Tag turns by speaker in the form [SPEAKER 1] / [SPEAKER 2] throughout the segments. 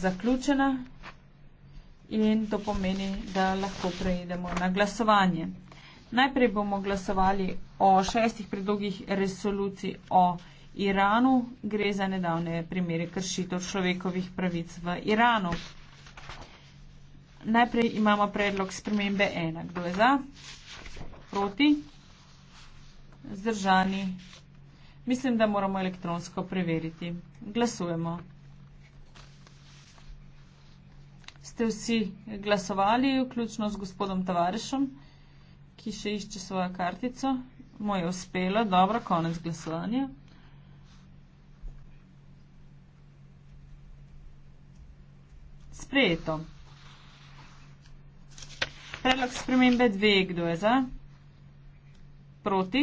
[SPEAKER 1] zaključena in to pomeni, da lahko preidemo na glasovanje. Najprej bomo glasovali o šestih predlogih resolucij o Iranu. Gre za nedavne primere kršitev človekovih pravic v Iranu. Najprej imamo predlog spremembe 1. Kdo je za? Proti? Zdržani? Mislim, da moramo elektronsko preveriti. Glasujemo. ste vsi glasovali, vključno z gospodom Tavarešom, ki še išče svojo kartico. Moje uspelo, dobro, konec glasovanja. Sprejeto. Predlog spremembe dve, kdo je za? Proti?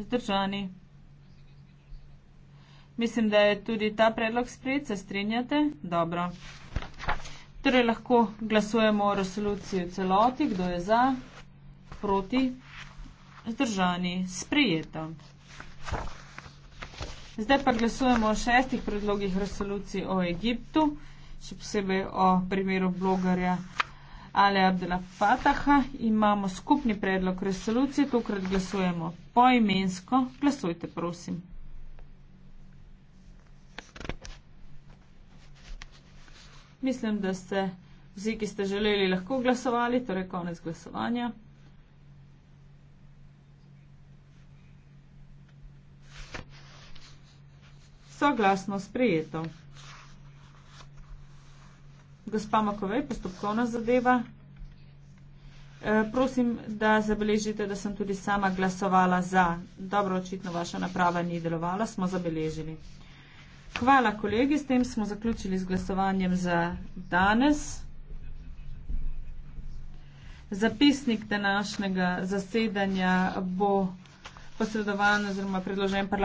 [SPEAKER 1] Zdržani? Mislim, da je tudi ta predlog sprejet, se strinjate? Dobro. Torej lahko glasujemo o resoluciji celoti, kdo je za, proti, zdržani, sprijeto. Zdaj pa glasujemo o šestih predlogih resolucij o Egiptu, še posebej o primeru blogarja Ale Abdela Fataha. Imamo skupni predlog resolucije, tokrat glasujemo poimensko. Glasujte, prosim. Mislim, da ste vsi, ki ste želeli, lahko glasovali, torej konec glasovanja. Soglasno sprejeto. Gospa Makovej, postopkovna zadeva. E, prosim, da zabeležite, da sem tudi sama glasovala za. Dobro, očitno vaša naprava ni delovala, smo zabeležili. Hvala, kolegi. S tem smo zaključili z glasovanjem za danes. Zapisnik današnjega zasedanja bo posredovan oziroma predložen parlament.